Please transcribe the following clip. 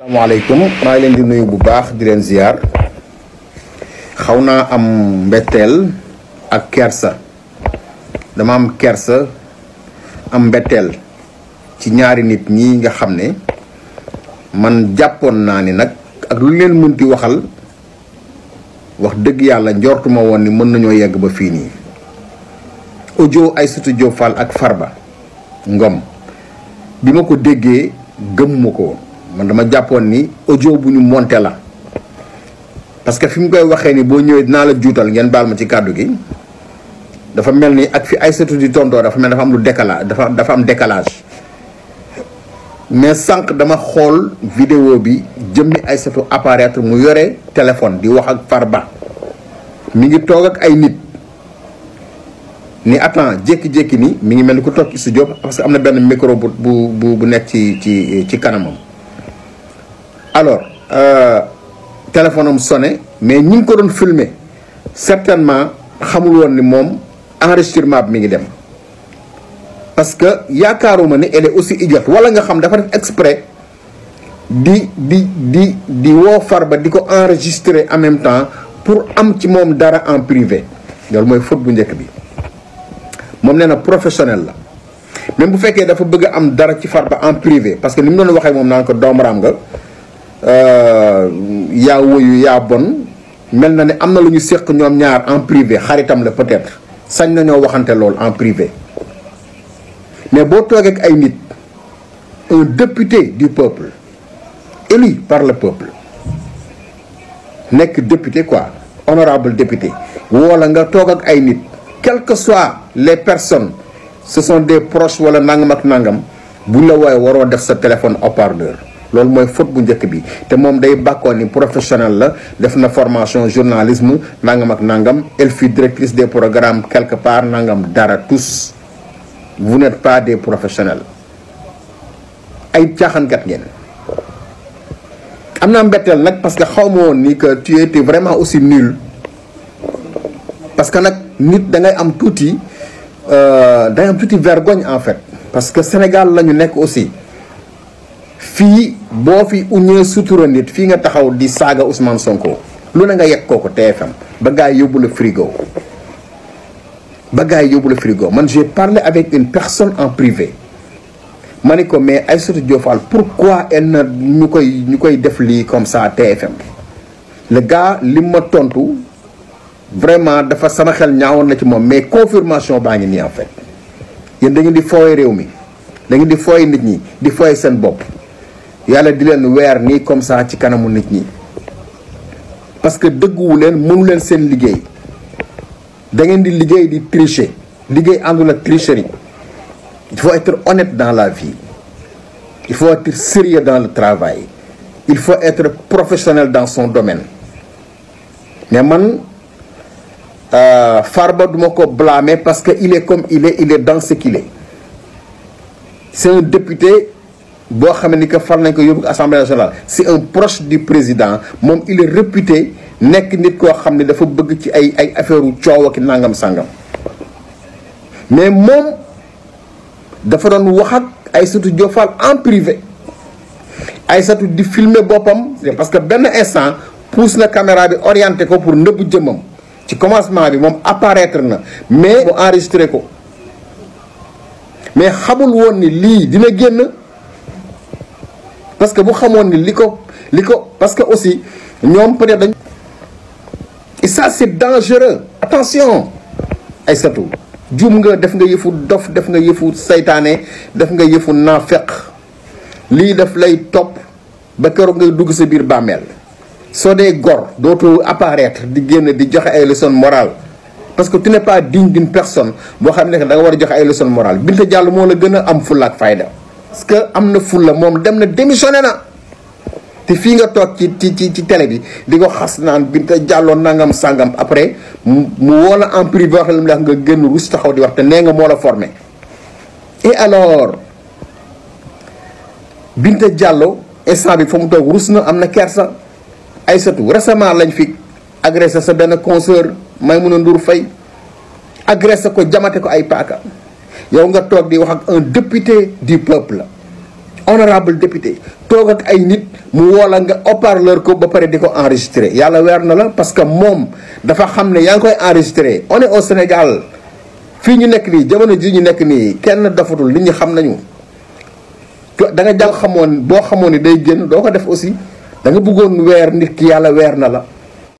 asalaamaaleykum maa ngi leen di nuyu bu baax di leen ziar xaw naa am mbetteel ak kersa dama am kersa am mbetteel ci ñaari nit ñi nga xam ne man jàppoon naa ni nag ak lu leen mënti waxal wax dëgg yàlla njortuma woon ni mën nañoo yegg ba fii nii ojo Aïssatou Diop Fall ak Farba Ngom bi ma ko déggee gëmuma ko woon man dama jàppoon ni ojo bu ñu monté la parce que fi mu koy waxee ni boo ñëwee dinaa la juutal ngeen baal ma ci kàddu gi dafa mel ni ak fi Aïssatou di tontoo dafa mel dafa am lu décalage dafa dafa am décalage mais sànq dama xool vidéo bi jëmmi Aïssatou apparaître mu yore téléphone di wax ak ba mi ngi toog ak ay nit ni attends jékki-jékki ni mi ngi mel ni ku toog si studio parce que am na benn micro bu bu bu nekk ci ci ci kanamam alors euh, téléphone am sonné mais ñi ngi ko doon filmer certainement xamul woon ni moom enregistrement bi mi ngi dem parce que yaakaaruma ni elle est aussi idiote wala nga xam dafa def exprès di di di di woo far ba di ko enregistrer en même temps pour am ci moom dara en privé loolu mooy faute bu njëkk bi moom nee na professionnel la même bu fekkee dafa bëgg am dara ci Farba en privé parce que ni mu doon waxee moom naan ko doomaraam nga Euh, yaa woyu yaa bon mel na ne am na lu ñu séq ñoom ñaar en privé xaritam la peut-être sañ nañoo waxante loolu en privé mais boo toogee ak ay nit un député du peuple élu par le peuple nekk député quoi honorable député wala nga toog ak ay nit quelles que les personnes ce sont des proches wala nangam ak nangam buñ la wooye waroo def sa téléphone haut-parleur loolu mooy faute bu njëkk bi te moom day bàkkoon ni professionnel la def na formation journalisme nangam ak nangam elle fi directrice des programmes quelque part nangam dara tous vous n'êtes pas des professionnels ay caaxaankat ngeen. am naa mbetteel nag parce que xaw ma woon ni que tu étais vraiment aussi nul parce que nag nit da ngay am tuuti euh, da ngay am tuuti vergogne en fait parce que Sénégal la ñu nekk aussi. fii boo fi uñee sutura nit fii nga taxaw di saaga Ousmane Sonko lu ne nga yegg kooku TFM ba gars yi yóbbu la frigo ba gars yi yóbbu la frigo man j'ai parlé avec une personne en privé ma ne ko mais Aïssatou Diop Fall pourquoi elle na ñu koy ñu koy def lii comme ça TFM le gars li ma tontu vraiment dafa sama xel ñaawoon na ci moom mais confirmation baa ngi nii en fait yéen da di fooy réew mi da di fooy nit ñi di fooy seen bopp. yàlla di leen weer ni comme ça ci kanamu nit ñi parce que dëgguwu leen mënu leen seen liggéey da ngeen di liggéey di tricher liggéey àndul ak tricherie il faut être honnête dans la vie il faut être sérieux dans le travail il faut être professionnel dans son domaine mais man euh, Farba duma ko blâmer parce que il est comme il est dans ce qu'il est c'est boo xam ni que fal nañ ko yóbbu ko assemblée nationale c'est un proche du président moom il est réputé nekk nit koo xam ne dafa bëgg ci ay ay affaire u coow ak nangam sangam mais moom dafa doon wax ak Aïssatou Diop Fall en privé Aïssatou di filmer boppam parce que benn instant pousse na caméra bi orienté ko pour nëbb jëmmam ci commencement bi moom apparaître na mais mu enregistré ko mais xamul woon ni lii dina génn parce que bu xamoon ni li ko li ko parce que aussi ñoom peut-être dañ et ça c'est dangereux attention ay satu juum nga def nga yëfu dof def nga yëfu seytaane def nga yëfu naafeq lii daf lay topp ba keroog ngay dugg sa biir bàmmeel soo dee gor dootoo apparaître di génn di joxe ay leçons morales parce que tu n'es pas digne d'une personne boo xam ne da nga war a joxe ay leçons morales Binta jàll moo la gën a am fulla ak fayda parce que am na fulla moom dem na démissionné na te fii nga toog ci ci ci ci télé bi di ko xas naan Binta Diallo nangam sàngam après mu woo la en privé wax la nga génn rus taxaw di wax te nee nga moo la formé et alors Binta Diallo instant bi fa mu toog rus na am na kersa ay satu récemment lañ fi agressé sa benn consoeur Maimouna Ndour Faye agressé ko jamate ko ay paaka yow nga toog di wax ak un député di peuple honorable député toog ak ay nit mu woola nga haut-parleur ko ba pare di ko enregistré yàlla weer na la parce que moom dafa xam ne yaa ngi koy enregistré on au Sénégal fii ñu nekk nii jamono ji ñu nekk nii kenn dafatul li ñu xam nañu da nga jàll xamoon boo xamoon ni day génn doo ko def aussi danga nga bëggoon weer nit ki yàlla weer na la